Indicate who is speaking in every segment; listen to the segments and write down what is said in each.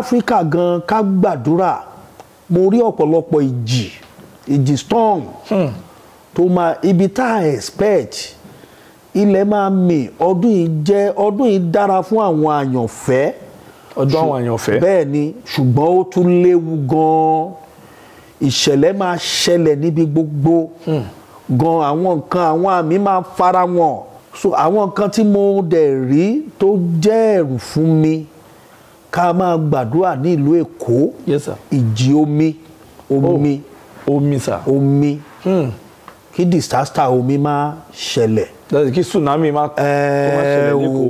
Speaker 1: áfíríkà gan ká gbàdúrà mo rí ọ̀pọ̀lọpọ̀ ìjì ìjì storm hmm. tó máa ibi tá a expect ilẹ̀ máa mì ọdún yìí jẹ́ ọdún yìí dára fún àwọn àyànfẹ́ ọdún àwọn àyànfẹ́ bẹ́ẹ̀ ni ṣùgbọ́n ó tún léwu gan-an ìṣẹ̀lẹ̀ máa ṣẹlẹ̀ níbi gbogbo hmm. gan àwọn nǹkan àwọn àmì máa fara wọn so àwọn nǹkan tí mo dẹ̀ rí tó jẹ́ ẹ̀rù fún mi ká máa gbàdúrà ní ìlú Èkó ìjì omi omi oh, omi sir omi hmm. kí disaster omi máa ṣẹlẹ̀ kí tsunami máa eh, ṣẹlẹ̀ ní Èkó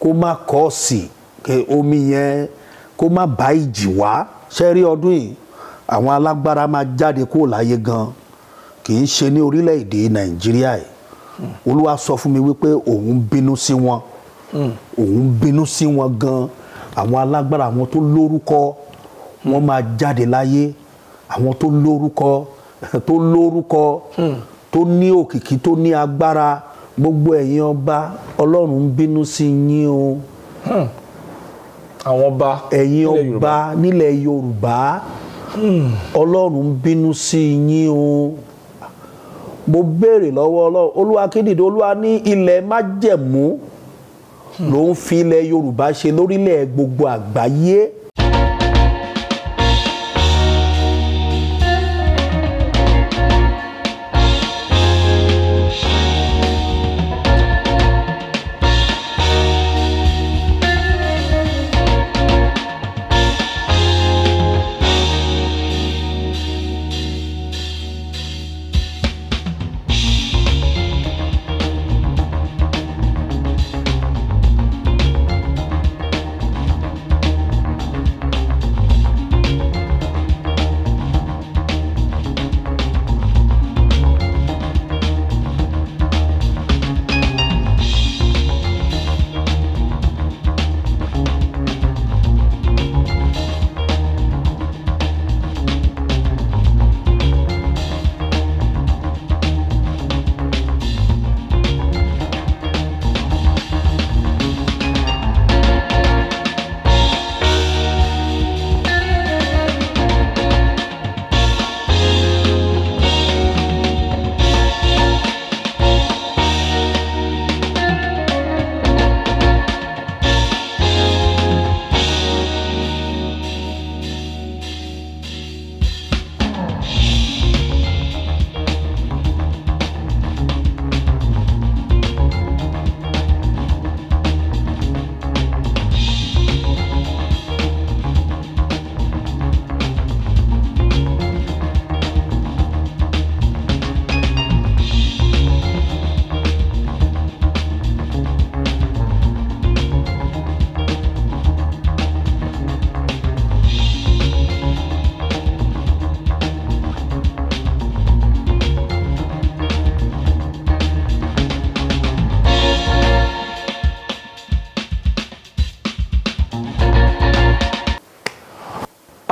Speaker 1: kó má kọ́ sí omi yẹn kó má bá ìjì wá ṣe rí ọdún yìí àwọn alágbára máa jáde kúrò láyé gan kì í ṣe ní orílẹ̀-èdè Nàìjíríà yìí Olúwa sọ fún mi wípé òun bínú sí wọn hmm. òun bínú sí wọn gan-an àwọn alágbára àwọn tó lórúkọ wọ́n máa jáde láyé àwọn tó lórúkọ tó lórúkọ hmm. tó ní òkìkí tó ní agbára gbogbo ẹ̀yin ọba ọlọ́run ń bínú sí yín o.
Speaker 2: Hmm. àwọn ọba
Speaker 1: ẹ̀yin ọba nílẹ̀ yorùbá hmm. ọlọ́run ń bínú sí yín o mo béèrè lọ́wọ́ ọlọ́run olúwa kéde olúwa ní ilẹ̀ májẹ̀mú ló ń fi ilẹ̀ Yorùbá ṣe lórílẹ̀ gbogbo àgbáyé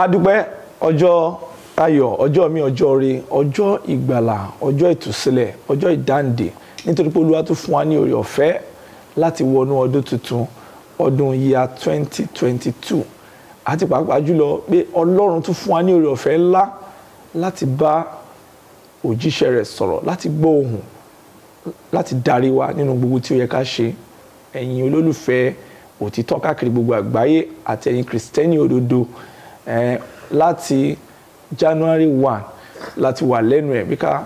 Speaker 2: adúpẹ́ ọjọ́ ayọ̀ ọjọ́ mi ọjọ́ re ọjọ́ ìgbàlà ọjọ́ ìtúsílẹ̀ ọjọ́ ìdáǹdè nítorí pé olúwa tún fún wa ní oore ọ̀fẹ́ láti wọnú ọdún tuntun ọdún yíya 2022 àti pàápàá jùlọ pé ọlọ́run tún fún wa ní oore ọ̀fẹ́ ńlá láti bá òjíṣẹ́ rẹ̀ sọ̀rọ̀ láti gbọ́ ohùn láti darí wa nínú gbogbo tí ó yẹ ká ṣe ẹ̀yin olólùfẹ́ òtítọ́ káàkiri gbogbo àgbáyé àti ẹ̀yin kìrìsìtẹ́nì òdodo láti January one láti wà lẹ́nu ẹ̀ bí ká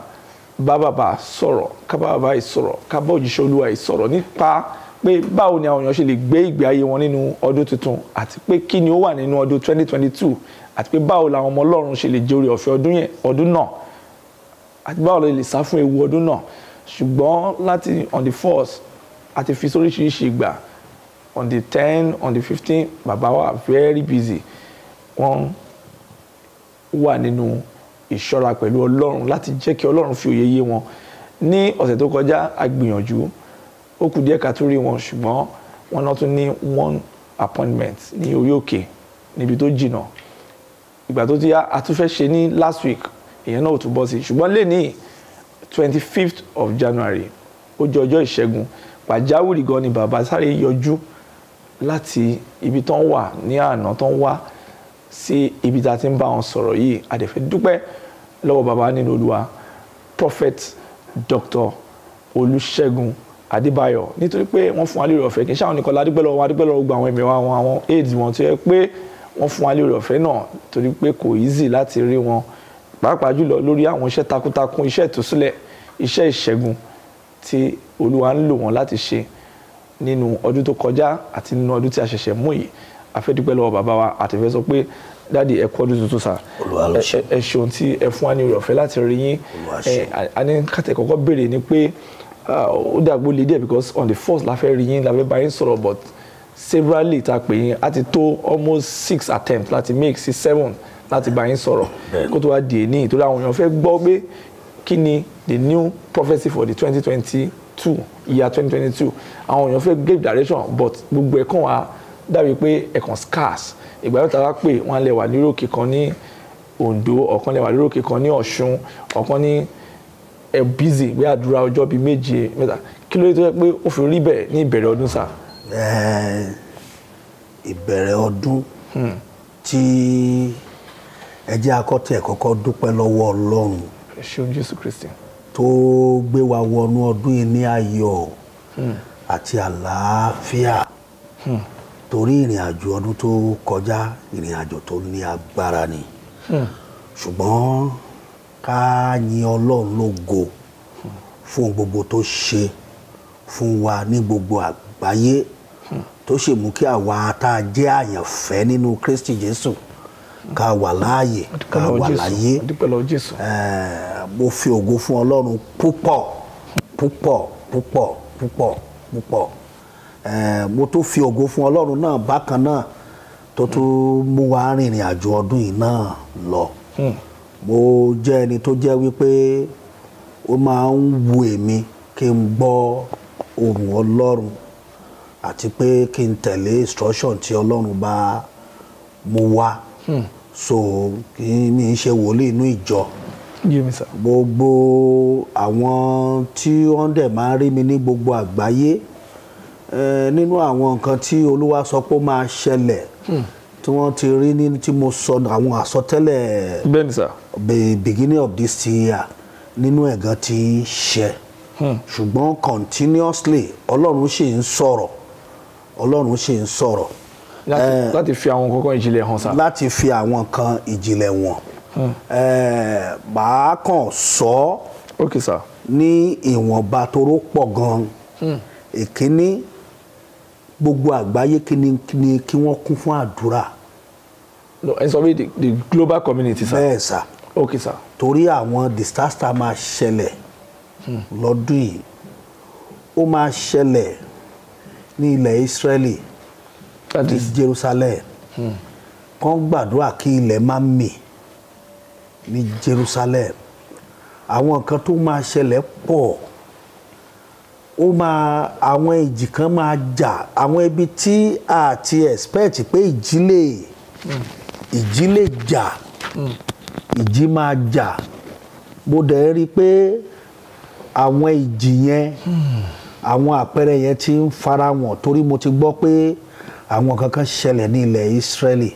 Speaker 2: bá bàbá sọ̀rọ̀ ká bá bàbá yìí sọ̀rọ̀ ká bá òjíṣẹ́ olúwa yìí sọ̀rọ̀ nípa pé báwo ni àwọn èèyàn ṣe lè gbé ìgbé ayé wọn nínú ọdún tuntun àti pé kí ni ó wà nínú ọdún 2022 àti pé báwo làwọn ọmọ ọlọ́run ṣe lè jèrè ọ̀fẹ́ ọdún yẹn ọdún náà àti báwo lè sá fún ewu ọdún náà ṣùgbọ́n láti on the first àti fi sóríṣiríṣi ìgbà on the ten on the fifteen bàbá wa very busy wọ́n wà nínú ìṣọ́ra pẹ̀lú ọlọ́run láti jẹ́ kí ọlọ́run fi òye yé wọn ní ọ̀sẹ̀ tó kọjá a gbìyànjú ó kù díẹ̀ ká tó rí wọn ṣùgbọ́n wọn náà tún ní one appointment ní orí òkè níbi tó jìnnà ìgbà tó ti yá a tún fẹ́ ṣe ní last week ìyẹn náà ò tún bọ́ sí ṣùgbọ́n lè ní twenty fifth of January ó jẹ́ ọjọ́ ìṣẹ́gun pàjáwìrì gan ni bàbá sáré yọjú láti ibi tó ń wà ní àná tó ń wá sí ibi tá a ti ń bá wọn sọ̀rọ̀ yìí a dẹ̀ fẹ́ dúpẹ́ lọ́wọ́ bàbá nínú olúwa prophet dr olùṣègùn adébáyọ̀ nítorí pé wọ́n fún wa lérò ọ̀fẹ́ kì í ṣàwọn nìkan ládùúgbẹ́ lọ́wọ́ adúgbẹ́ lọ́wọ́ gba àwọn ẹ̀mí wa àwọn àwọn aids wọn tó yẹ pé wọ́n fún wa lérò ọ̀fẹ́ náà torí pé kò easy láti rí wọn pàápàá jùlọ lórí àwọn iṣẹ́ takuntakun iṣẹ́ ìtúsílẹ̀ iṣẹ́ ìṣẹ́gun tí olúwa ń lò wọ́n láti ṣe nínú ọdún tó kọjá àti nínú ọdún tí a ṣẹ̀ṣẹ̀ mú yìí afẹ́dúpẹ́ lọ́wọ́ bàbá wa àtẹ̀fẹ́ sọ pé dáàdi ẹ kú ọdún tuntun sà ẹ ṣeun tí ẹ fún wa ní ọ̀fẹ́ láti rí yín a ní kàtẹ́ kọ́kọ́ béèrè ni pé ó dàgbò lè díẹ̀ because on the first la fẹ́ rí yín la fẹ́ bá yín sọ̀rọ̀ but severally ta pè yín a ti tó almost six attempts láti make sí seven láti bá yín sọ̀rọ̀ kó tó wá di èní ìtura àwọn èèyàn fẹ́ gbọ́ pé kí ni the new prophecy for the twenty twenty two year twenty twenty two àwọn èèyàn fẹ́ give direction but gbogbo ẹ̀ kàn wá dàbí pé ẹ̀kan scarce ìgbà yóò tara pé wọ́n lè wà léròkè kan ní Ondo ọ̀kan lè wà léròkè kan ní Ọ̀ṣun ọ̀kan ní ẹ̀ bízì bí àdúrà ọjọ́ bíi méje mẹ́ta kí ló dé tó yẹ pé ó fi rí bẹ́ẹ̀ ní ìbẹ̀rẹ̀ ọdún sáà
Speaker 1: eh, ìbẹ̀rẹ̀ ọdún hmm. tí ẹ jẹ́ kọ́kọ́ dúpẹ́ lọ́wọ́ Ọlọ́run tó gbé wa wọnú ọdún yìí ní ayọ̀ hmm. àti àlàáfíà. Hmm torí ìrìn àjò ọdún tó kọjá ìrìn àjò tó ní agbára ni hmm. ṣùgbọ́n ká yin ọlọ́run lógo fún gbogbo tó ṣe fún wa ní gbogbo àgbáyé hmm. tó ṣe mú kí àwa tá a jẹ́ àyànfẹ́ nínú Kristi Jésù ká wà láàyè ká wà láyé eh, mo fi ògo fún ọlọ́run púpọ̀ púpọ̀ púpọ̀ púpọ̀ púpọ̀. Eh, mo tó fi ògo fún ọlọ́run náà bákan náà tó tún mú wa rìnrìn àjò ọdún yìí náà lọ hmm. mo jẹ́ ẹni tó jẹ́ wípé ó máa ń wu èmi kí n gbọ́ ohùn ọlọ́run àti pé kí n tẹ̀lé instruction tí ọlọ́run bá mú wá hmm. so kí mi ṣe wòlíì inú ìjọ gbogbo àwọn tí wọ́n dẹ̀ máa rí mi ní gbogbo àgbáyé. Eh, nínú àwọn nǹkan tí olúwa sọ pé ó máa ṣẹlẹ̀ hmm. tí wọ́n ti rí ní tí mo sọ àwọn àsọtẹ́lẹ̀ bẹ́ẹ̀ni beginning of this year nínú ẹ̀gán ti ń ṣẹ hmm. ṣùgbọ́n continuously ọlọ́run ṣì ń sọ̀rọ̀ ọlọ́run ṣì ń sọ̀rọ̀. láti eh, fi àwọn nǹkan kan ìjìnlẹ̀ hàn sá. láti fi àwọn nǹkan ìjìnlẹ̀ wọn. Hmm. Eh, màá kàn sọ ọ́ ní ìwọ̀nba toró pọ̀ gan-an èkíní. Hmm. E gbogbo àgbáyé kí ni kí wọ́n kún fún àdúrà.
Speaker 2: no ẹ sọ pé the global community sir. bẹ́ẹ̀ sà. ok sir. torí àwọn
Speaker 1: disaster máa ṣẹlẹ̀ hmm. lọ́dún yìí ó máa ṣẹlẹ̀ ní ilẹ̀ Israeli ní Jerusalem hmm. kán gbàdúrà kí ilẹ̀ má mì ní Jerusalem àwọn nǹkan tó máa ṣẹlẹ̀ pọ̀ ó máa àwọn ìjì kan máa jà àwọn ibi tí a ti expect pé ìjì lè ìjì lè jà ìjì máa jà mo dẹ̀ rí i pé àwọn ìjì yẹn àwọn àpẹẹrẹ yẹn ti ń fara wọn torí mo ti gbọ́ pé àwọn kankan ṣẹlẹ̀ ní ilẹ̀ Ísírẹ́lì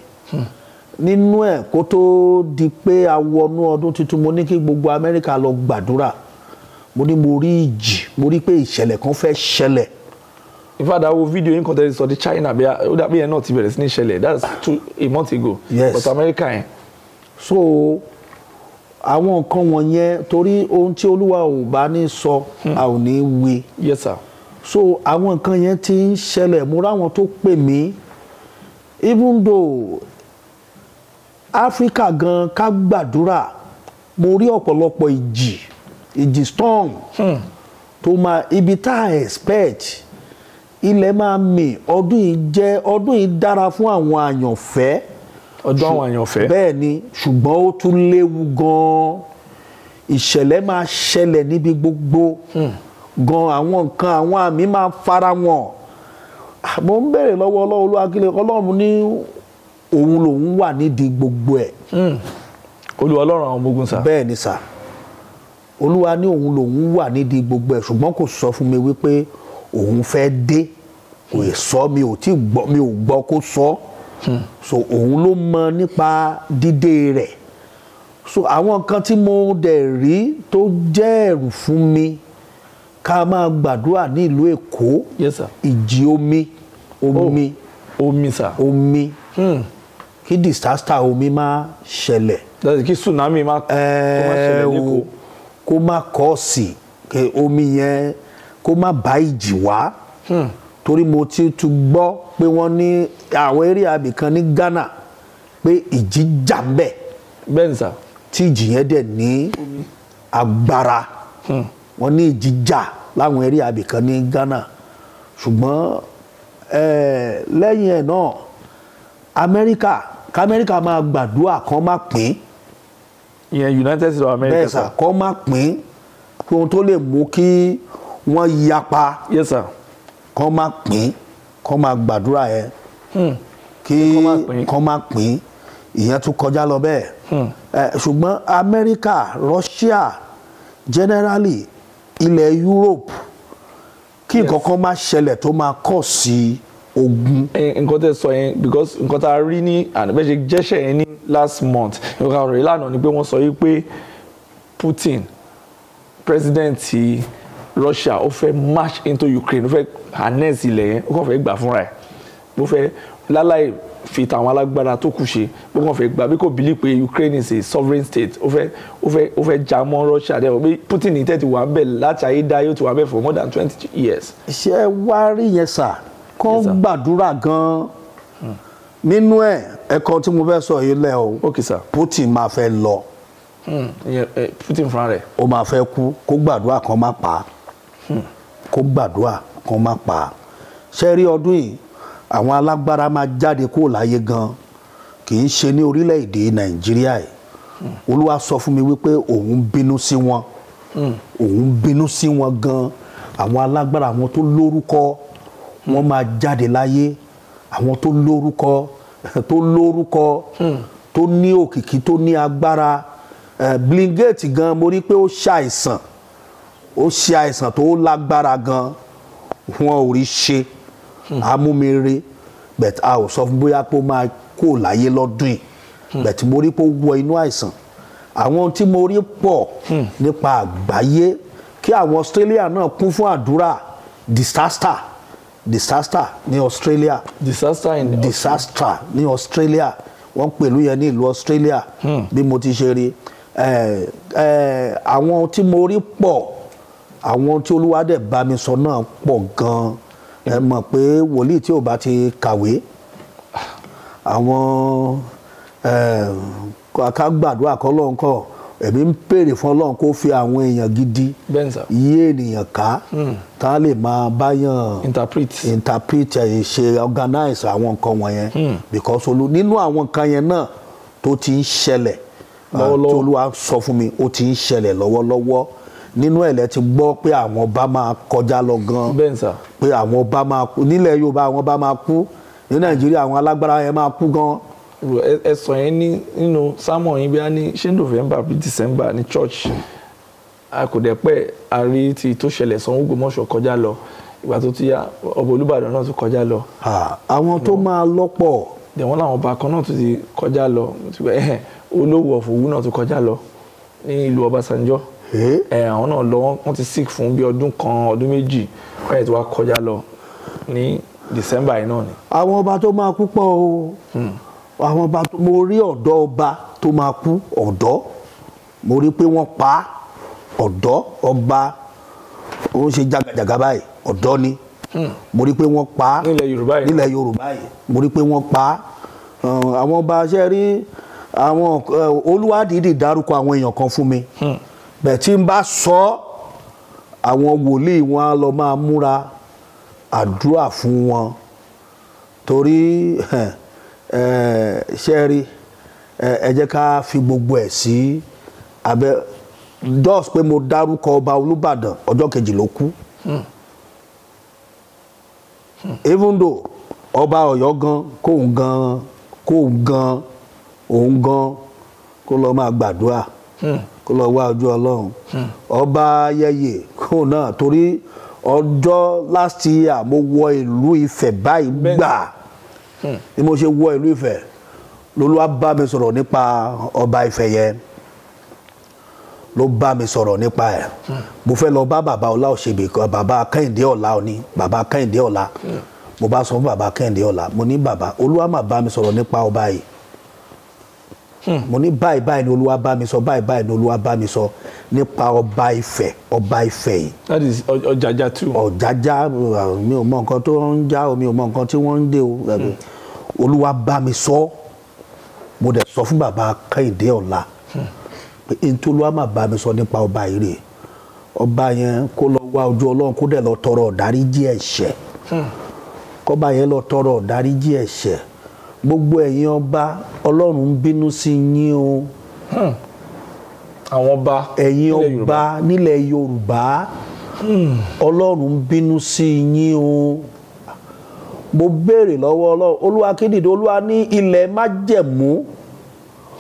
Speaker 1: nínú ẹ̀ kó tó di pé a ọdún tuntun mo ní kí gbogbo
Speaker 2: Amẹ́ríkà lọ gbàdúrà. Hmm mo ní mo rí ìjì mo rí pé ìṣẹ̀lẹ̀ kan fẹ́ ṣẹlẹ̀. ìfàdà wo fídíò yín kan tẹ́lẹ̀ sọ di China bí ó dàbí yẹn náà ti bẹ̀rẹ̀ sí ní ṣẹlẹ̀ that's two a month ago yes. but America yẹn. Eh? so
Speaker 1: àwọn nǹkan wọ̀nyẹn torí ohun tí olúwa ò bá ní sọ hmm. a ò ní wí. yes sir. so àwọn nǹkan yẹn ti ń ṣẹlẹ̀ mo ráwọn tó pè mí even though Africa gan ká gbàdúrà mo rí ọ̀pọ̀lọpọ̀ ìjì ìjì storm hmm. tó máa ibi tá a expect ilẹ̀ máa mì ọdún yìí jẹ́ ọdún yìí dára fún àwọn àyànfẹ́ ọdún àwọn àyànfẹ́ bẹ́ẹ̀ ni ṣùgbọ́n ó tún léwu gan-an ìṣẹ̀lẹ̀ máa ṣẹlẹ̀ níbi gbogbo hmm. gan àwọn nǹkan àwọn àmì máa fara wọn mo ń béèrè lọ́wọ́ ọlọ́run olúwa kí lè ọlọ́run ní òun lòun wà nídìí gbogbo ẹ̀.
Speaker 2: Hmm. olùwọ́lọ́run àwọn ọmọ ogun sá. bẹ́ẹ̀ ni sá
Speaker 1: olúwa ní òun lòun wà nídìí gbogbo ẹ̀ ṣùgbọ́n kò sọ fún mi wípé òun fẹ́ dé kò yẹ sọ mi ò tí gbọ́ mi ò gbọ́ kó sọ hmm. so òun ló mọ nípa dídé rẹ̀ so àwọn kan tí mo dẹ̀ rí tó jẹ́ ẹ̀rù fún mi ká máa gbàdúrà ní ìlú Èkó yes sir ìjì omi omi oh, omi sir omi hmm. kí disaster omi máa ṣẹlẹ̀ kí tsunami máa ṣẹlẹ̀ eh, ní Èkó kó má kọ́ sí omi yẹn kó má bá ìjì wá hmm. torí mo ti tún gbọ́ pé wọ́n ní àwọn eré abìkan ní Ghana pé ìjì jà ń bẹ̀ bẹ́ẹ̀nsà tí ìjì yẹn dẹ̀ ní agbára hmm. wọ́n ní ìjì jà láwọn eré abìkan ní Ghana ṣùgbọ́n lẹ́yìn ẹ̀ náà Amẹ́ríkà k'Amẹ́ríkà máa gbàdúrà kan máa pín ìyẹn United States of America. bẹ́ẹ̀ sà kọ́ má pín ohun tó lè mú kí wọ́n yapa. yes sir. kọ́ má pín kọ́ má gbàdúrà yẹn. Hmm. kí kọ́ má pín ìyẹn tún kọjá lọ bẹ́ẹ̀. Hmm. ṣùgbọ́n America Russia generally ilẹ̀ Europe kí nǹkan kan má
Speaker 2: ṣẹlẹ̀ tó máa kọ̀ sí i ogun. Eh, nǹkan tẹ́ sọ yẹn because nǹkan tá a rí ní àbẹ̀ṣe jẹ́ṣẹ̀ yẹn ní last month nǹkan ọ̀rọ̀ yìí lánàá ni pé wọ́n sọ yìí pé Putin president Russia ó fẹ́ march into Ukraine ó fẹ́ harness ilẹ̀ yẹn ó kàn fẹ́ gbà fúnra ẹ̀ ó fẹ́ láláì fi tàwọn alágbára tó kù ṣe bó kàn fẹ́ gbà bí kò bìlí pé Ukraine is a sovereign state ó fẹ́ ó fẹ́ ó fẹ́ já mọ́ Russia dẹ́wọ̀ bí Putin ní tẹ́tí wà ń bẹ̀ láti ayé dá yóò ti wà ń bẹ̀ for more than twenty years. ṣé
Speaker 1: wàá rí yẹn sáà kọ́ gbàdúrà gan-an nínú ẹ̀ ẹ̀kọ́ tí mo fẹ́ sọ yìí lẹ́ o Putin máa fẹ́ lọ
Speaker 2: hmm, eh,
Speaker 1: Putin fúnra rẹ̀ ó máa fẹ́ kú kó gbàdúrà kan má pa hmm. kó gbàdúrà kan má pa ṣe rí ọdún yìí àwọn alágbára máa jáde kó láyé gan-an kì í ṣe ní orílẹ̀-èdè Nàìjíríà yìí hmm. olúwa sọ fún mi wípé òun bínú sí wọn òun bínú sí wọn gan-an àwọn alágbára àwọn tó lórúkọ wọ́n máa jáde láyé àwọn tó lórúkọ tó lórúkọ hmm. tó ní òkìkí tó ní agbára Blingate gan mo rí pé ó ṣàìsàn ó ṣe àìsàn tó lágbára gan wọn ò rí ṣe hmm. amúmire bẹ̀t a ò sọ fún bóyá pé ó máa kó láyé lọ́dún yìí hmm. bẹ̀t mo rí pé ó wọ inú àìsàn àwọn tí mo rí pọ̀ nípa àgbáyé kí àwọn Australia náà kún fún àdúrà disaster disaster ní Australia disaster in disaster ní Australia wọ́n pẹ̀lú yẹn ní ìlú Australia hmm. bí mo ti ṣe rí àwọn tí mo rí pọ̀ àwọn tí olúwa dẹ̀ bá mi sọ náà pọ̀ gan-an ẹ mọ̀ pé wòlíì tí ò bá ti kàwé àwọn ká gbàdúrà kọ́ lọ́nkọ́ èmi ń pèrè fọlọ́run kó fi àwọn èèyàn gidi yí ènìyàn ká hmm. tá a lè máa báyàn interpret interpret ṣe organize àwọn nǹkan wọ̀nyẹn hmm. because olú nínú àwọn nǹkan yẹn náà tó ti ń ṣẹlẹ̀ ah, tí olúwa sọ fún mi ó ti ń ṣẹlẹ̀ lọ́wọ́lọ́wọ́ nínú ẹ̀ lẹ́ ti gbọ́ pé àwọn ọba máa kọjá lọ gan pé
Speaker 2: àwọn ọba máa kú nílẹ̀ Yorùbá àwọn ọba máa kú ní Nàìjíríà àwọn alágbára yẹn máa kú gan ẹ sọ yẹn ní nínú sermon yín bí a ní ṣé november bí december ní church a kò dẹ̀ pẹ́ a rí ti tó ṣẹlẹ̀ sanwó gbọmọṣọ kọjá lọ ìgbà tó ti yá ọba olúbàdàn náà tún kọjá lọ. àwọn tó máa lọ́pọ̀. dẹ̀ wọ́n làwọn ọba kan náà tún ti kọjá lọ olówó ọ̀fọ̀wú náà tún kọjá lọ ní ìlú ọbásanjọ́ àwọn náà lọ wọ́n ti sick fún bí ọdún kan ọdún méjì wọ́n yẹ wá kọjá lọ ní december yìí náà ni.
Speaker 1: àwọn ọba tó máa kú pọ̀ o. Hmm àwọn ọba mo rí ọ̀dọ́ ọba tó máa kú ọ̀dọ́ mo rí pé wọ́n pa ọ̀dọ́ ọba ó ń ṣe jàgàjàgà báyìí ọ̀dọ́ ni hmm. mo rí pé wọ́n pa nílẹ̀ Yorùbá yìí nílẹ̀ Yorùbá yìí mo rí pé wọ́n pa àwọn ọba ṣe rí àwọn olúwàdìdì dárúkọ àwọn èèyàn kan fún mi hmm. bẹ́ẹ̀ tí n bá sọ àwọn wòlíì wọn á lọ máa múra àdúrà fún wọn torí. Eh, Eh, ṣe rí eh, ẹ jẹ́ ká fi gbogbo ẹ̀ sí abẹ́ just pé mo dárúkọ ọba Olúbàdàn ọjọ́ kejì ló kú hmm. Hmm. even though ọba Ọ̀yọ́ gan kóun gan kóun gan òun gan kó lọ máa gbàdúrà hmm. kó lọ wá ojú Ọlọ́run ọba ayẹyẹ kóun náà torí ọjọ́ last year mo wọ ìlú Ifẹ̀ báyìí gbà. ni mo ṣe wọ ìlú Ifẹ̀ lolúwa bá mi sọ̀rọ̀ nípa ọba Ifẹ̀ yẹn ló bá mi sọ̀rọ̀ nípa ẹ̀ mo fẹ́ lọ bá bàbá ọlá òṣèbè kan bàbá kẹ́hìndé ọ̀la òní bàbá kẹ́hìndé ọ̀la mo bá sọ fún bàbá kẹ́hìndé ọ̀la mo ní bàbá olúwa mà bá mi sọ̀rọ̀ nípa ọba yìí mo ní báyìí báyìí ni olúwa bá mi sọ báyìí báyìí ni olúwa bá mi sọ nípa ọba Ifẹ̀ ọba Ifẹ̀ yìí. that is Ọjájá too. Ọjájá mi ò mọ nǹkan tó ń já o mi ò mọ nǹkan tí wọ́n ń dé o hmm. olúwa bá mi sọ mo dẹ̀ sọ fún bàbá Kẹ́hìndé Ọlá hmm. pé n tó olúwa máa bá mi sọ nípa ọba yìí rèé ọba yẹn kó lọ wá ojú ọlọ́run kó dẹ̀ lọ tọrọ ọ̀dáríjì ẹ̀ṣẹ̀ hmm. kọ́ba yẹn lọ tọrọ ọ̀dáríjì ẹ̀ṣẹ̀ gbogbo ẹ̀yin ọba ọlọ́run ń bínú sí yín o. Hmm. àwọn ọba ẹ̀yin ọba nílẹ̀ yorùbá hmm. ọlọ́run ń bínú sí yín o. mo béèrè lọ́wọ́ ọlọ́run olúwa kíndìdì olúwa ní ilẹ̀ májẹ̀mú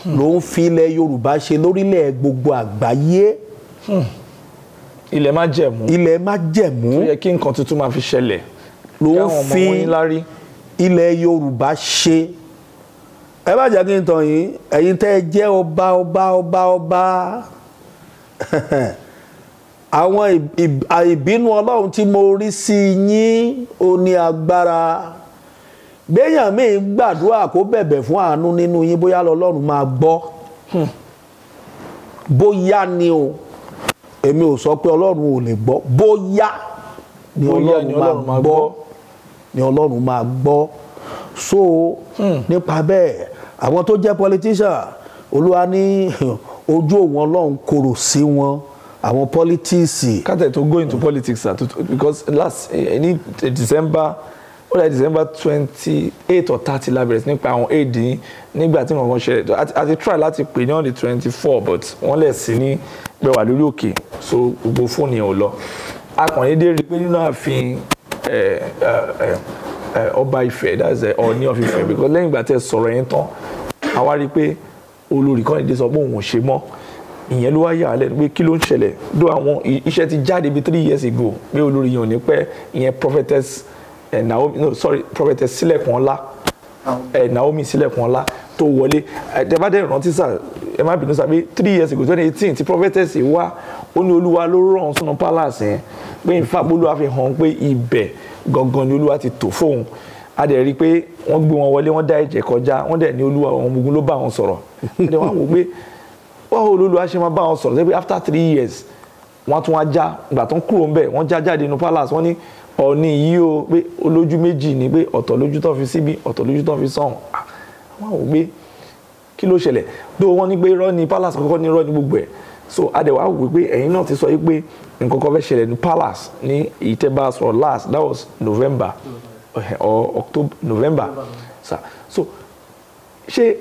Speaker 1: hmm. ló ń fi ilẹ̀ yorùbá ṣe lórílẹ̀ gbogbo àgbáyé.
Speaker 2: ilẹ̀ májẹ̀mú ilẹ̀ májẹ̀mú. tó yẹ kí nǹkan tuntun máa fi ṣẹlẹ̀ ló ń fi ilẹ̀ Yorùbá ṣe ẹ
Speaker 1: bá jẹ́ kí n tàn yín ẹ̀yin tẹ́ ẹ jẹ́ ọba ọba ọba ọba àwọn ìbínú Ọlọ́run tí mo rí sí yín ó ní agbára béèyàn míì gbàdúrà kó bẹ̀bẹ̀ fún àánú nínú yín bóyá lọ́lọ́run máa gbọ́ hmm. bóyá ni o èmi ò sọ pé Ọlọ́run ò lè gbọ́ bóyá
Speaker 2: ni Ọlọ́run máa gbọ́
Speaker 1: ni ọlọ́run máa gbọ́ so hmm. nípa bẹ́ẹ̀ àwọn tó jẹ́ politician olúwa ní ojú òun ọlọ́run korò sí wọn
Speaker 2: àwọn politics. kátẹ̀ tó go into politics na because last eh, ní december ó dà december twenty eight or thirty la bẹ̀rẹ̀ sí nípa àwọn aid ní nígbà tí nǹkan ṣẹlẹ̀ àti try láti pè ní on the twenty four but wọ́n lẹ̀ sí ní pẹ̀wà lórí òkè so gbogbo fóònù yẹn ò lọ akànnìdé rí i pé nínú ààfin Eh, eh, eh, ọba Ifẹ̀ that's Ọọ̀ni of Ifẹ̀ because lẹ́yìn ìgbà tẹ́ sọ̀rọ̀ yẹn tán a rí i pé olórí kan ìdí sọ pé òun ò ṣe mọ́ ìyẹn ló wá yà á lẹ́nu pé kí ló ń ṣẹlẹ̀ do àwọn iṣẹ́ ti jáde bíi three years ago pé olórí yẹn ò ní pẹ́ ìyẹn prophetess Naomi no sorry prophetess Sílẹ̀kùnọlá Naomi Sílẹ̀kùnọlá tó wọlé ẹ̀tẹ́bá dẹ̀ rántí sà ẹ má bínú sà three years ago twenty eighteen ti prophetess wá ó ní olúwa ló rọ̀ ọ́n sínú palace yẹn pé in fact olúwa fi hàn pé ibẹ̀ gangan ni olúwa ti tò fóun a dẹ̀ rí i pé wọ́n gbé wọn wọlé wọ́n dá ẹ̀jẹ̀ kọjá wọ́n dẹ̀ ní olúwa ọmọ ogun ló bá wọn sọ̀rọ̀ ẹ̀dẹ̀ wọn wò pé báwo olúwa ṣe máa bá wọn sọ̀rọ̀ sẹ́pẹ́ after three years wọ́n tún wá já ìgbà tó ń kúrò ńbẹ̀ wọ́n já jáde inú palace wọ́n ní ọ̀ọ́ni yìí o pé olójú méjì ni pé ọ̀tọ̀ lójú tó fi síbi ọ̀tọ̀ lójú tó fi sọ̀hún wọ́n àwọn gbé kí ló ṣẹlẹ̀ tó wọ́n ní pé irọ́ ni palace kọ́kọ́ ní irọ́ ní gbogbo ẹ̀ so adẹ̀wà wò pé ẹ̀yin náà ti sọ pé nǹkan kan fẹ́ ṣẹlẹ̀ ní palace ní ìtẹ́bà sọ̀rọ̀ last that was november or october november sa so ṣé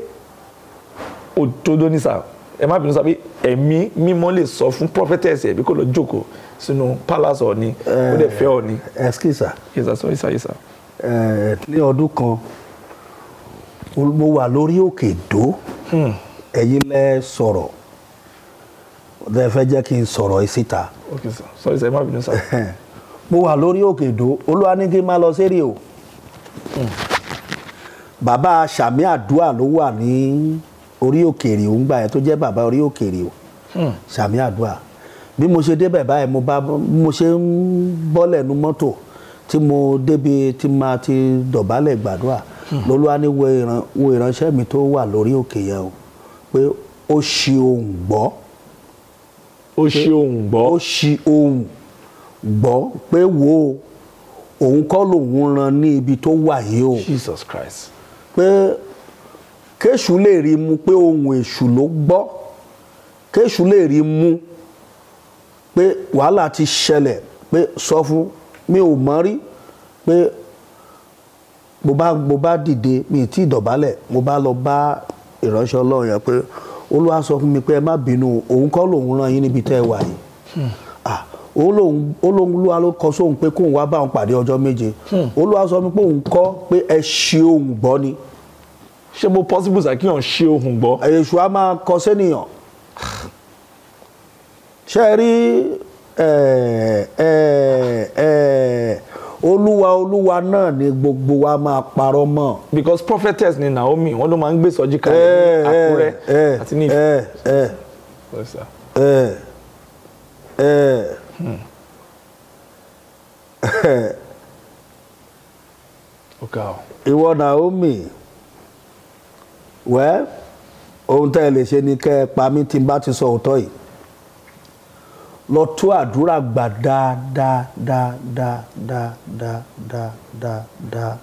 Speaker 2: òdodo ni sa ẹ má bínú sábẹ́ ẹ̀mí mímọ́ lè sọ fún prophetess ẹ̀ bí kò lọ jókòó sínú palace ọ̀ni ó dẹ̀ fẹ́ ọ̀ni. Eh, excuse sir. yes sir
Speaker 1: sorry sir yes sir. Eh, ní ọdún kan mo wà lórí òkè ìdó hmm. ẹ̀yin lẹ sọ̀rọ̀ ọ̀dẹ fẹ́ jẹ́ kí n sọ̀rọ̀ ẹ síta. ok sir sorry sir ẹ má bínú sir. mo wà lórí òkè ìdó olúwa ní kí n máa lọ sérè o. Hmm. bàbá sàmì àdúà ló wà ní orí òkèèrè òun gbà yẹn tó jẹ́ bàbá orí òkèèrè o sàmì hmm. àdúà bí mo ṣe débẹ̀ báyìí mo bá mo ṣe ń bọ́lẹ̀ nu mọ́tò tí mo débi tí ma ti dọ̀bálẹ̀ gbàdúrà lolúwa ní wo ìran wo ìránṣẹ́ mi tó wà lórí òkè yẹn o pé ó ṣi ohùn gbọ́ ó ṣi ohùn gbọ́ ó ṣi ohùn gbọ́ pé wo òun kọ́ lòun ran ní ibi tó wà yìí o Jesus Christ pé kéṣù lè rí mu pé ohun èṣù ló gbọ́ kéṣù lè rí mu pé wàhálà ti ṣẹlẹ̀ pé sọ fún mi ò mọ̀ rí pé mo bá mo bá dìde mi ì tí ìdọ̀bálẹ̀ mo bá lọ bá ìránṣẹ́ ọlọ́run yẹn pé olúwa sọ fún mi pé ẹ má bínú òun kọ́ lòun rán yín níbi tẹ́ ẹ wà yìí olóńgbòlúwa ló kọ sóhun pé kóun wá bá òun pàdé ọjọ́ méje olúwa sọ pé òun kọ́ pé ẹ ṣe ohun gbọ́ ni. ṣé mo possible sá kí èèyàn ṣe ohun gbọ́. èṣù á máa kọ sẹ́nìyàn ṣe rí olúwa olúwa náà ni gbogbo wa máa parọ́ mọ́.
Speaker 2: because prophetess ni Naomi wọn ló máa ń gbé sọjí kalẹ̀ ní eh, eh, Àkúrẹ́ eh, àti ní
Speaker 1: Ifẹ̀. Hmm. ìwọ Naomi wẹ́ ohun tẹ́ ẹ lè ṣe ni kẹ́ ẹ pa mí tí n bá ti sọ òótọ́ yìí. lọ tó àdúrà gbà dáadáadáadáadáadáa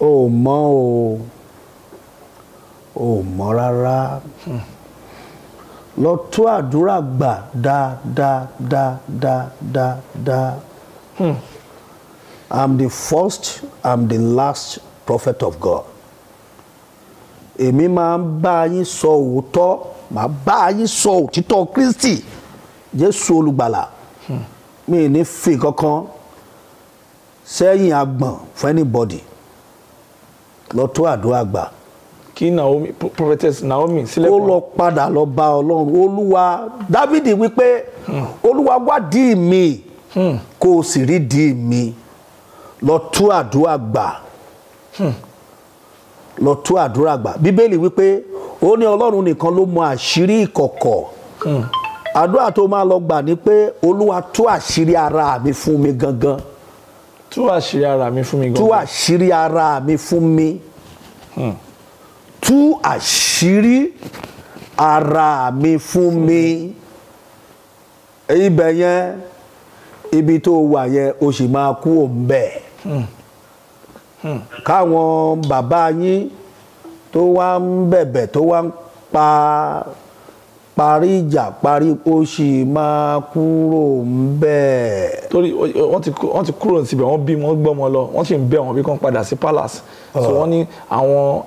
Speaker 1: o mọ o o mọ rárá lọ tó àdúrà gbà dáadáadáadáadáa I'm the first I'm the last prophet of God èmi máa ń bá yín sọ òótọ́. So màá bá yín sọ òtítọ́ Kristi Jésù olùgbàlà mi ní fi kankan sẹ́yìn agbọ̀n fún anybody lọ tó àdúrà gbà kí naomi prophetess naomi sílẹ̀ kan. ó lọ padà lọ bá ọlọ́run olúwa dávidi wípé olúwa wádìí mi kó o sì rí di mi lọ tú àdúrà gbà lọ tú àdúrà gbà bíbélì wípé ó ní ọlọ́run nìkan ló mọ àṣírí ìkọ̀kọ̀ hmm. àdúrà tó máa lọ gbà ni pé olúwa tú àṣírí ara mi fún mi gangan tú àṣírí ara mi fún mi gangan tú àṣírí ara mi fún mi hmm. tú àṣírí ara mi fún mi ibẹ̀ yẹn ibi tó wà yẹn o sì máa kú òun bẹ́ẹ̀ hmm. káwọn bàbá yín tó wá ń bẹ̀bẹ̀ tó wá ń pa parí
Speaker 2: ìjà parí ó sì máa kúrò ń bẹ̀. torí wọ́n ti kúrò síbẹ̀ wọ́n bí wọ́n gbọ́mọ lọ wọ́n sì ń bẹ̀ wọ́n bí kán padà sí palace ah. so wọ́n ní àwọn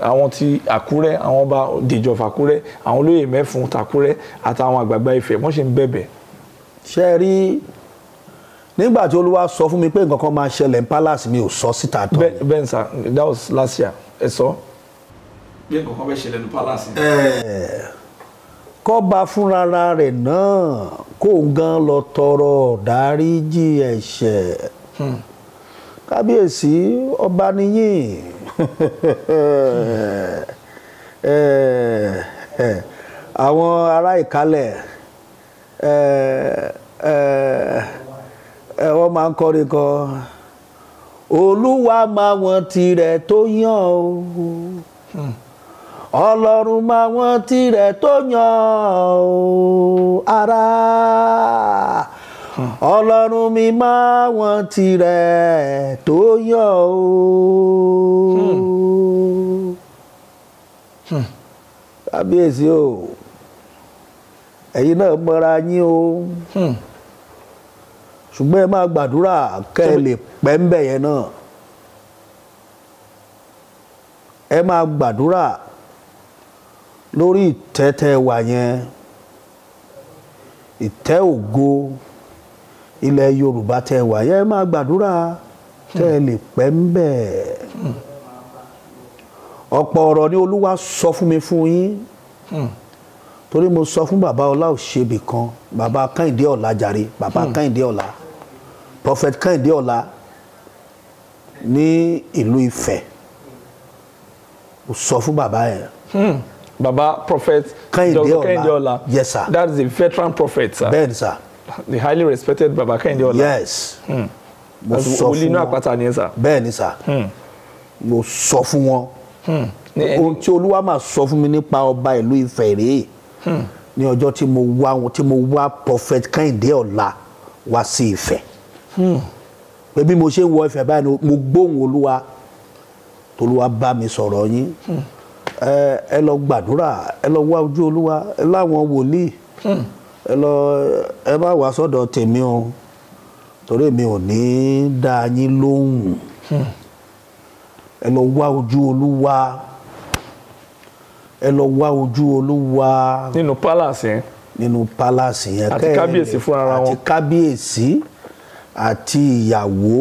Speaker 2: àwọn ti àkúrẹ́ àwọn ọba dèjọ́ fàkúrẹ́ àwọn olóyè mẹ́fun tàkúrẹ́ àtàwọn àgbààgbà Ifẹ̀ wọ́n sì ń bẹ̀bẹ̀. ṣe rí nígbà tí olúwa sọ fún mi pé nǹkan kan máa ṣẹlẹ̀ ń palace mi ò sọ síta tán. bẹ́ẹ̀ bẹ́ẹ̀ sà that was last
Speaker 1: year ẹ sọ.
Speaker 2: bí nǹkan kan bẹ ṣẹlẹ̀ ní palace.
Speaker 1: kọ́ba fúnra rẹ̀ náà kó gan lọ tọrọ dáríjì ẹ̀ṣẹ̀ hmm. kábíyèsí ọba nìyín àwọn ará ìkálẹ̀ wọ́n máa ń kọrin kan olúwa máa wọn tirẹ̀ tó yàn o hmm. ọlọ́run máa wọn tirẹ̀ tó yàn o ara hmm. ọlọ́run mi máa wọn tirẹ̀ tó yàn o. Hmm. kábíyèsí o ẹ̀yin náà mọra yín o. ṣùgbọ́n ẹ máa gbàdúrà kẹ́ ẹ lè pẹ́ ń bẹ̀ yẹn náà ẹ máa gbàdúrà lórí ìtẹ́tẹ́ wà yẹn ìtẹ́ ògo ilẹ̀ Yorùbá tẹ́ wà yẹn ẹ máa gbàdúrà kẹ́ ẹ ni Olúwa sọ fún mi fún hmm. torí mo sọ fún bàbá ọlá òṣèbì kan bàbá kẹ́hìndé ọ̀la jàre bàbá hmm. kẹ́hìndé ọ̀la prophet kẹ́hìndé ọ̀la ní ìlú ifẹ̀ mo sọ fún bàbá yẹn.
Speaker 2: Hmm. bàbá prophet kẹ́hìndé ọ̀la yes sir that is a veteran prophet sir ben sir the highly respected baba kẹ́hìndé ọ̀la yes hmm. mo sọ fún wọn olú inú àpáta
Speaker 1: ni ẹ sà bẹ́ẹ̀ ni sà mo sọ fún wọn ohun tí olúwa máa sọ fún mi nípa ọba ìlú ifẹ̀ rèé ní ọjọ́ tí mo wá tí mo wá prophet Kẹ́hìndé Ọlá wá sí Ifẹ̀ pé bí mo ṣe ń wọ Ifẹ̀ báyìí mo gbóhùn Olúwa tolúwa bá mi sọ̀rọ̀ yín ẹ lọ gbàdúrà ẹ lọ wá ojú Olúwa ẹ láwọn wòlíì ẹ lọ ẹ bá wá sọ́dọ̀ tèmi o torí mi ò ní dá yín lóhùn ẹ lọ wá ojú Olúwa. Hmm ẹ lọ wá ojú olúwa. nínú palace yẹn. nínú palace yẹn. àti kábíyèsí fúnra wọn. àti kábíyèsí àti ìyàwó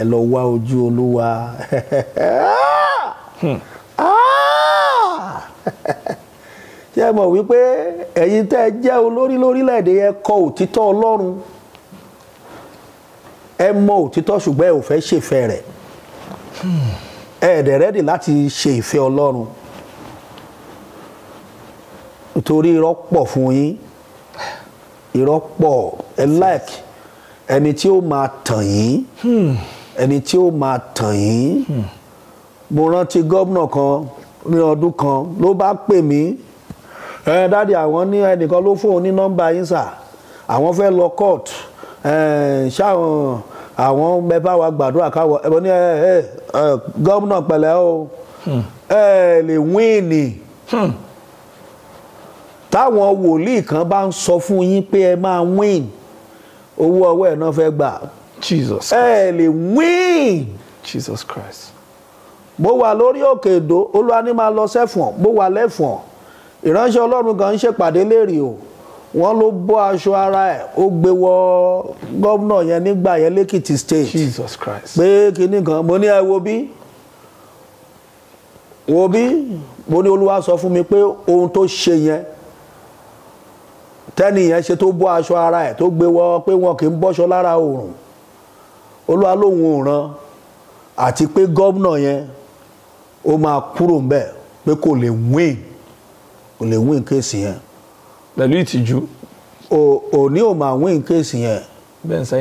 Speaker 1: ẹ lọ wá ojú olúwa. Hmm. ṣé ẹ mọ̀ wípé ẹ̀yin tẹ́ ẹ jẹ́ olórí lórílẹ̀‐èdè yẹn kọ òtítọ́ ọlọ́run ẹ mọ òtítọ́ ṣùgbọ́n ẹ ò fẹ́ ṣèfẹ́ rẹ̀ hmm. ẹ̀ẹ́dẹ̀rẹ́dì láti ṣe ìfẹ́ ọlọ́run. Hmm torí irọ́ pọ̀ fún yín irọ́ pọ̀ ẹ like ẹni tí ó máa tàn yín hmm. ẹni tí ó máa tàn yín hmm. mo rántí gómìnà kan ní ọdún kan ló bá pè mí ẹ dáàdi àwọn ní ẹnìkan ló fóun ní nọ́mbà yín sà àwọn fẹ́ lọ court ṣáwọn àwọn mẹ́fà wa gbàdúrà káwọ ẹ bọ ní ẹ ẹ gómìnà pẹ̀lẹ́ o hmm. ẹ lè wíìnì táwọn wòlíì kan bá ń sọ fún yín pé ẹ máa win owó ọwọ́ ẹ̀ náà fẹ́ gbà Jesus Christ ẹ lè win Jesus Christ mo wà lórí òkè èdò olúwa ní máa lọ sẹ́fọ̀n mo wà lẹ́fọ̀n ìránṣẹ́ ọlọ́run kan ń ṣèpàdé léèrè o wọ́n ló bọ́ aṣọ ara ẹ̀ ó gbé wọ gómìnà yẹn nígbà yẹn lẹ́kìtì state Jesus Christ pé kinní kan mo ní ẹ wo bí wo bí mo ní olúwa sọ fún mi pé ohun tó ṣe yẹn tẹ́nìyàn ṣe tó bọ́ aṣọ ara ẹ̀ tó gbé wọ́ pé wọn kì í bọ́ṣọ lára òòrùn olúwa lòun ò ràn àti pé gómìnà yẹn ó máa kúrò ńbẹ̀ pé kò lè win kò lè win kéèsì yẹn.
Speaker 2: pẹ̀lú ìtìjú. òní ò máa win kéèsì yẹn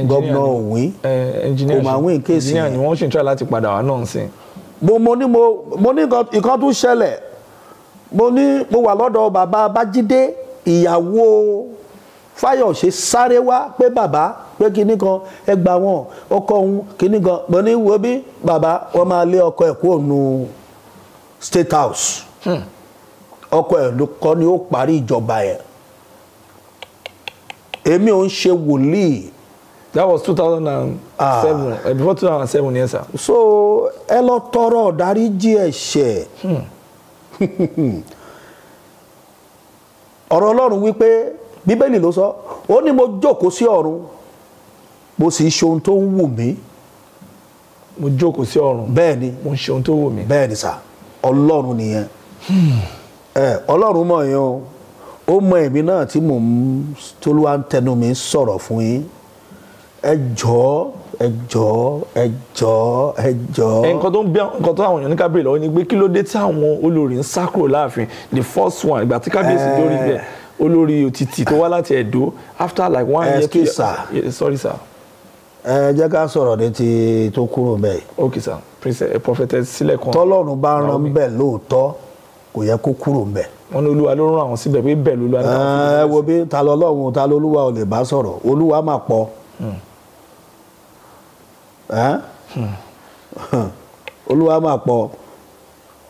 Speaker 2: gómìnà ò win kò máa win kéèsì yẹn. ni wọ́n sì ń tọ́ láti padà wá náà sí. mo ní
Speaker 1: mo ní nǹkan tún ṣẹlẹ̀ mo ní mo wà lọ́dọ̀ bàbá Bájídé ìyàwó Fáyọ̀ṣe sáré wá pé bàbá pé kinní kan ẹ wọn ọkọ òun kinní kan mo ní wo bí bàbá wọn máa lé ọkọ ẹ kúrò nù state house hmm. ọkọ ẹ ló kọ́ ni ó parí ìjọba ẹ̀
Speaker 2: èmi ò ń ṣe wòlíì. that was two thousand and seven ah. eh, before two thousand and seven yẹn sir. so ẹ lọ tọrọ ọ̀dáríjì
Speaker 1: ẹ̀ṣẹ̀. Hmm. ọ̀rọ̀ ọlọ́run wípé bíbélì ló sọ ó ní mo jókòó sí ọ̀run mo sì ṣe ohun tó ń wù mí. mo jókòó sí ọ̀run bẹ́ẹ̀ ni mo ṣe ohun tó wù mí. bẹ́ẹ̀ ni sà ọlọ́run nìyẹn ẹ ọlọ́run mọ̀ yẹn o ó mọ èmi náà tí mò ń tolúwa tẹnu mi sọ̀rọ̀ fún yín ẹ jọ̀ọ́ ẹ jọ̀ọ́ ẹ jọ̀ọ́ ẹ jọ̀ọ́.
Speaker 2: nǹkan tó ń bí nǹkan tó àwọn èèyàn ní kábíyèsí lọ́wọ́ ni pé kí ló dé tí àwọn olórí ń sá kúrò láàfin the first one ìgbà tí kábíyèsí lórí bẹ́ẹ̀ eh. olórí òtítì tó wá láti Ẹdó after like one year two years sorry sir.
Speaker 1: ẹ jẹ́ ká sọ̀rọ̀ ní ti tó kúrò bẹ́ẹ̀. ok sir princess eh, prophetess sílẹ̀ kan. tọ́lọ́run bá rán bẹ́ẹ̀ lóòótọ́ kò yẹ kó kúrò bẹ́ẹ̀ wọn ní olúwa ló rán àwọn síbẹ̀ pé bẹ́ẹ̀ lolúwa. Eh, ẹ wo bí ta lọ́lọ́run ta lolúwa ò lè bá sọ̀rọ̀ olúwa máa pọ̀ hmm olúwa máa pọ̀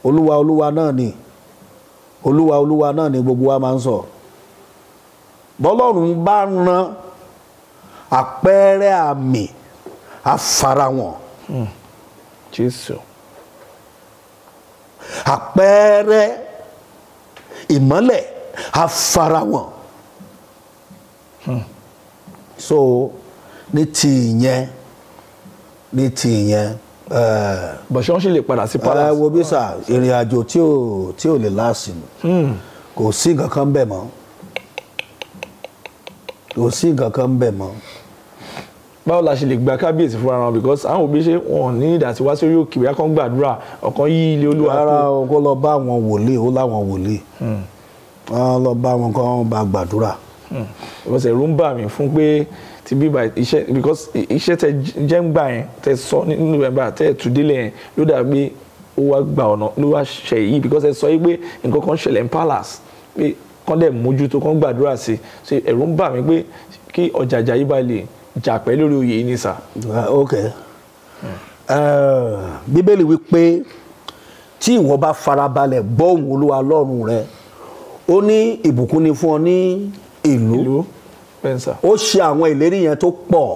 Speaker 1: olúwa olúwa náà ni olúwa olúwa náà ni gbogbo wa máa ń sọ bọ́lọ́run bá ran àpẹẹrẹ àmì àfarahàn Jésù àpẹẹrẹ ìmọ́lẹ̀ àfarahàn so ní ti ìyẹn ní ti ìyẹn. Eh, bọ̀ṣọ́ ṣì lè padà sí palace. ẹ eh, wo bí sà ìrìn àjò tí ò tí ò lè láàsì nù hmm. kò sí nǹkan kan bẹ̀ mọ́ kò sí nǹkan kan bẹ̀ mọ́.
Speaker 2: báwo la ṣe lè gba kábíyèsí fúnra wọn because àwọn òbí ṣe wọn ní ìdásí wá sórí òkè bí akọ́ ń gbàdúrà ọ̀kan yí ilé olúwa. rárá o kó lọ bá àwọn wòlíì ó láwọn wòlíì
Speaker 1: hmm. wọn lọ bá wọn kọ́ wọn bá
Speaker 2: gbàdúrà. ọ̀sẹ̀ hmm. ló ń bà mí fún pé ti bíbá iṣẹ́ because iṣẹ́ tẹ jẹ́ ń gbà yẹn tẹ sọ nínú ìgbà tẹ tù délé yẹn ló dàbí ó wá gba ọ̀nà ló wá ṣe yìí because ẹ sọ yìí pé nǹkan kan ṣẹlẹ̀ ń palace pé kán dẹ̀ mójútó kán gbàdúrà sí i ẹ̀rù ń bà mí pé kí ọ̀jàjà yìí bá lè jà pẹ́ lórí oyè yìí ni sà.
Speaker 1: Ah, ok eh, bíbélì wí pé tí ìwọ bá farabalẹ̀ gbọ́ ohùn olúwa ọlọ́run rẹ ó ní ìbùkún ni fún ọ ní ìlú bẹ́ẹ̀ sà. ó ṣe àwọn ìlérí yẹn tó pọ̀.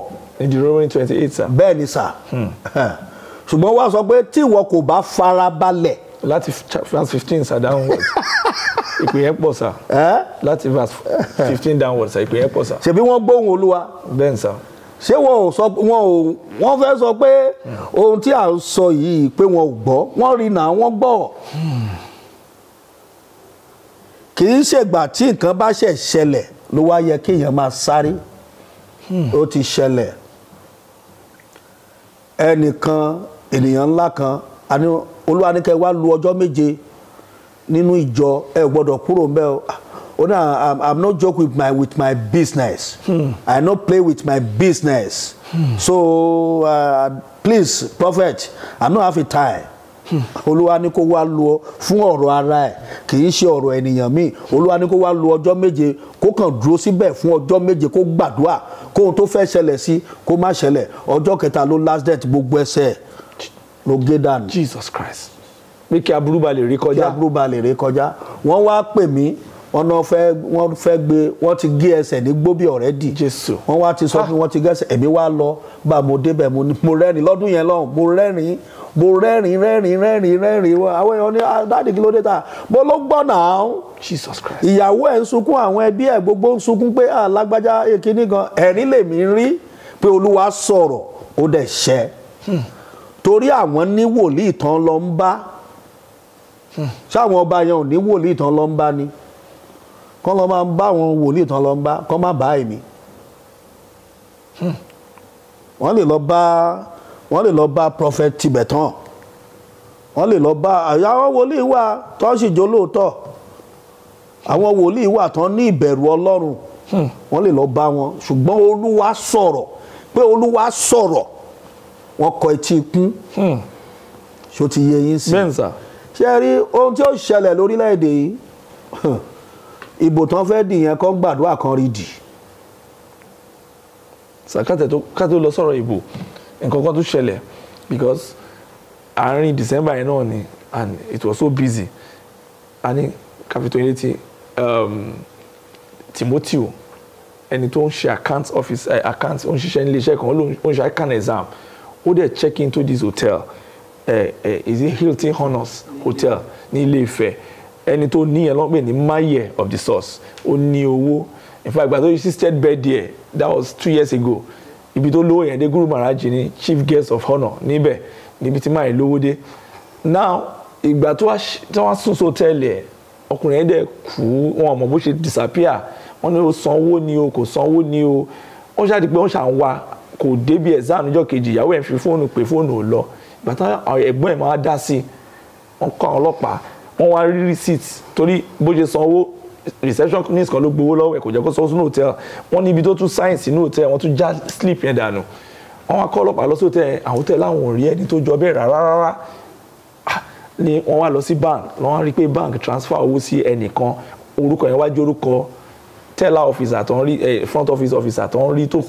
Speaker 1: ìdúró ní twenty eight sir. bẹ́ẹ̀ ni sà. Hmm. ṣùgbọ́n wá sọ pé tí ìwọ kò bá fara balẹ̀.
Speaker 2: láti verse fifteen sir. Downwards. ìpè yẹn pọ̀ sà. láti verse fifteen downwards, sir. ìpè yẹn pọ̀ sà. ṣèbí wọ́n gbóhùn olúwa. bẹ́ẹ̀ sà ṣé wọn ò sọ wọn
Speaker 1: ò wọn fẹ́ sọ pé hmm. ohun tí à ń sọ yìí pé wọn ò gbọ́ wọ́n rí nà wọ́n gbọ́ hmm. kì í ṣègbà tí nǹkan bá ṣẹ̀ ṣẹlẹ̀ ló wá yẹ kéèyàn máa sáré hmm. ó ti ṣẹlẹ̀ ẹnìkan ènìyàn ńlá kan olúwa ní kẹ́ wá lu ọjọ́ méje nínú ìjọ ẹ gbọ́dọ̀ kúrò ń bẹ̀ o ona I'm, I'm not joke with my with my business hmm. I no play with my business hmm. so uh, please prophet I no have a time olúwa ní kó wá lọ fún ọ̀rọ̀ ara ẹ̀ kì í ṣe ọ̀rọ̀ ènìyàn míì olúwa ní kó wá lọ ọjọ́ méje kó kàn dúró síbẹ̀ fún ọjọ́ méje kó gbàdúrà kóhun tó fẹ́ ṣẹlẹ̀ sí kó má ṣẹlẹ̀ ọjọ́ kẹta ló last death gbogbo ẹsẹ̀ ló gé dànù. Jesus Christ pé kí aburú ba lè rí kọjá. kí aburú ba lè rí kọjá wọ́n wá pè mí wọ́n fẹ́ wọ́n fẹ́ gbé wọ́n ti gé ẹsẹ̀ ní gbóbi ọ̀rẹ́dì jésù wọ́n wá ti sọ ah. pé wọ́n ti gẹ́sẹ̀ èmi wá lọ bá mo débẹ̀ mo rẹ́rìn lọ́dún yẹn lọ́hùn mo rẹ́rìn mo rẹ́rìn rẹ́rìn rẹ́rìn rẹ́rìn àwọn èèyàn ní ah, dáàdì kí ló dé ta mo ló gbọ́ náà jesus christ ìyàwó ẹ̀ ń sunkún àwọn ẹbí ẹ̀ gbogbo ń sunkún pé alágbájá ah, e kínní gan ẹ̀rín lèmi rí pé olúwa sọ̀rọ̀ ó dẹ̀ ṣẹ hmm. torí àwọn ní wòlíì tán lọ ń bá hmm. ṣáwọn ọba yẹn ò ní wòlíì tán lọ ń bá ni. Hmm kọ́ lọ́ máa ń bá àwọn wòlíì tán lọ́ ń bá kọ́ má bá èmi wọ́n lè lọ bá wọ́n lè lọ bá prophet tibetan wọ́n lè lọ bá àwọn wòlíì wà tó ń ṣìjọ lóòótọ́ àwọn wòlíì wà tó ń ní ìbẹ̀rù ọlọ́run wọ́n lè lọ bá wọn ṣùgbọ́n olúwa sọ̀rọ̀ pé olúwa sọ̀rọ̀ wọ́n kọ etí ikún ṣó ti yé yín sí ṣe rí ohun tí ó ṣẹlẹ̀ lórílẹ̀‐èdè yìí ìbò tán fẹ́ dì yẹn kọ́
Speaker 2: gbàdúrà kan rí dì. sàkátẹ́ tó kátó lọ sọ̀rọ̀ ìbò nǹkan kan tó ṣẹlẹ̀ because àárín December yẹn náà ni and it was so busy a ní capital unity um, Timothy ẹni tó ń ṣe account office uh, account ó ń ṣiṣẹ́ nílé iṣẹ́ kan ó ń ṣe account exam ó dẹ̀ check into this hotel uh, uh, is it Hilton Honors hotel ní Ilé Ifẹ̀ ẹni tó ní yẹn lọ́n pè ní maye of the source ó ní owó in fact gbàtọ́ yìí sixty bed ẹ̀ that was two years ago ibi tó lówó yẹn dé Guru Maharaj ní chief guest of honour níbẹ̀ níbi tí maye lówó dé now ìgbà tó wá sùn sótẹ́ẹ̀lì ẹ̀ ọkùnrin yẹn dẹ̀ kú wọn mọ̀ bó ṣe disappear wọn ní o sanwó ni o kò sanwó ni o wọn ṣáà di pé wọn ṣà ń wa kò débi exam níjọ́ kejì ìyàwó ẹ̀ fi fóònù pé fóònù ò lọ ìgbà táwọn ẹ̀gbọ́n ẹ̀ máa dá sí wọn kọ́ àwọn ọlọ́pàá wọ́n wá rí receipt torí bó ṣe san owó receptionist kan ló gbowó lọ́wọ́ ẹ̀ kò jẹ́ kó sanwó sínú hòtẹ́ẹ̀lì wọ́n níbi tó tún sáyìn sínú hòtẹ́ẹ̀lì wọ́n tún já slip yẹn dànù wọ́n wá kọ́ ọlọ́pàá lọ sí hòtẹ́ẹ̀lì àwọn hòtẹ́ẹ̀lì làwọn ò rí ẹni tó jọ bẹ́ẹ̀ rárá rárá ah, ni wọ́n wá lọ sí bank wọ́n rí pé bank transfer owó sí ẹnìkan orúkọ yẹn wá jẹ́ orúkọ teller officer tó ń rí eh, front office officer tó ń rí tó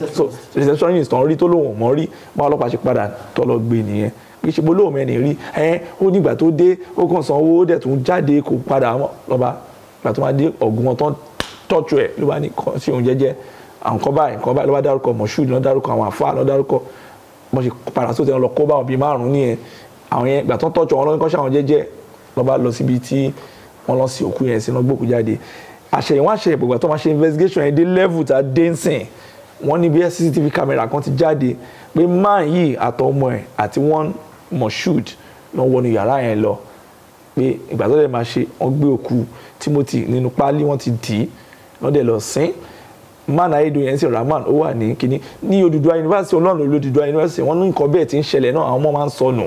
Speaker 2: receptionist tó ń rí tó lóun mọ́ rí wọ́n ọlọ́pàá ṣe padà tó gbé nìyẹn ìṣègbè olóòmọ ẹni rí ẹ ó nígbà tó dé ó kàn san owó ó dẹ̀ tún jáde kó padà lọ́ba ìgbà tó máa dé ọ̀gùn wọn tán tọ́jú ẹ̀ ló bá ní kàn sí òun jẹ́jẹ́ àwọn kan báyìí kan báyìí ló bá dárúkọ mọ̀ṣúù ló dárúkọ àwọn àfáà ló dárúkọ wọ́n ṣe padà sóde wọn lọ kó bá wọn bíi márùn nìyẹn àwọn yẹn ìgbà tó ń tọ́jú wọn lọ́nà kọ́ṣẹ́ àwọn jẹ́jẹ́ wọ́n level tá a dé ń ní bí CCTV camera kan ti jáde pé máà yìí àtọmọ ẹ̀ àti wọ́n Moshood lọ wọnú yàrá yẹn lọ pé ìgbà tó dẹ̀ máa ṣe wọ́n gbé òkú Timothy nínú páálí wọ́n ti dì í wọ́n dẹ̀ lọ sìn man ayedo yẹn sì rahman ó wà ní kínní ní Odùduwà yunifásitì ọlọ́run olú Odùduwà yunifásitì wọ́n ní nǹkan bẹ́ẹ̀ ti ń ṣẹlẹ̀ náà àwọn ọmọ máa ń sọnù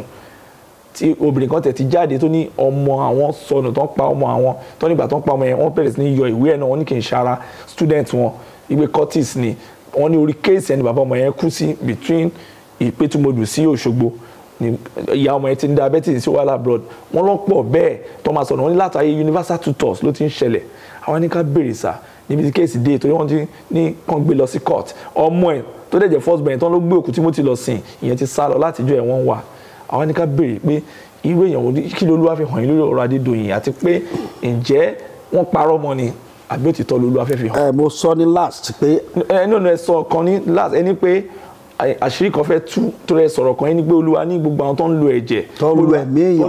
Speaker 2: tí obìnrin kan tẹ̀ ti jáde tó ní ọmọ àwọn sọnù tó ń pa ọmọ àwọn tó nígbà tó ń pa ọmọ yẹn wọ́n bẹ̀rẹ̀ sí ní yọ ìwé ẹ̀ náà wọ́n ní kì í ṣara student wọn ìwé Curtis ni wọ́n ní orí kéèsì ẹni bàbá ọmọ yẹn kú sí between Ìpètùmọdù sí Òṣogbo ìyá ọmọ yẹn ti ní diabetes sí wàhálà abroad wọ́n lọ pọ̀ bẹ́ẹ̀ tó máa sọ̀rọ̀ wọ́n ní látàyè universal tutors ló ti ń ṣẹlẹ̀ àwọn ní ká béèrè sá níbi tí kéèsì dé torí wọ́n ti ní kàn gbé lọ sí court ọmọ ẹ̀ tó dẹ̀ jẹ́ first born tán ló gbé òkú tí mo ti lọ sìn ìyẹn ti sá lọ látijọ́ ẹ̀ wọ́n wà àwọn ní ká béèrè pé irú èèyàn kí lolúwa fi hàn yín lórí ọ̀rọ̀ Adédoyin àti pé ǹjẹ́ wọ́n parọ́ mọ́ ni àbí òtítọ́ lolúwa fẹ́ fi hàn. ẹ mo sọ ní last pé. ẹ nínú ẹ sọ kan ní last ẹni pé àṣírí kan fẹ́ tú tó rẹ sọ̀rọ̀ kan yín ni pé olúwa ní gbogbo àwọn tó ń lo ẹ̀jẹ̀ tó ń lo ẹ̀mí èèyàn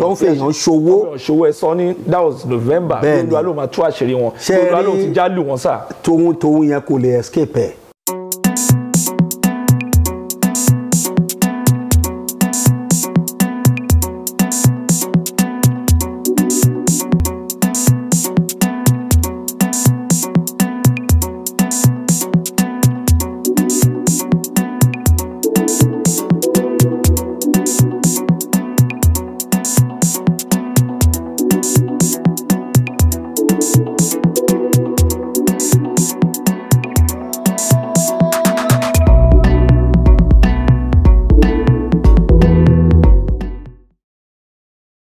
Speaker 2: tó ń fi èèyàn ṣòwò ṣòwò ẹ sọ ní that was November olúwa ló máa tú àṣírí wọn olúwa ló ti já lù wọn sà.
Speaker 1: tohun tohun yẹn kò lè escape ẹ̀